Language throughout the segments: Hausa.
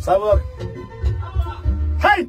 Sabır. Hey!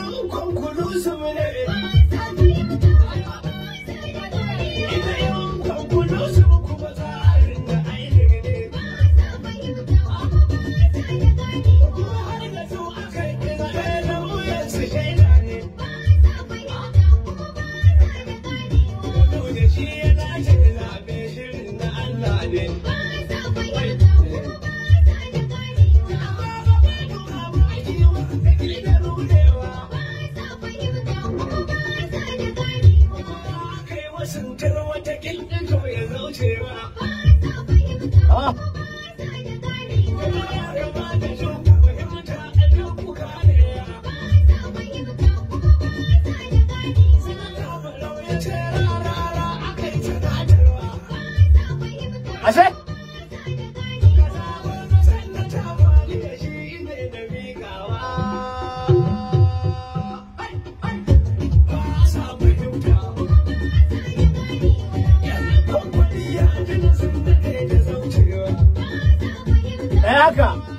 cutar wata Welcome.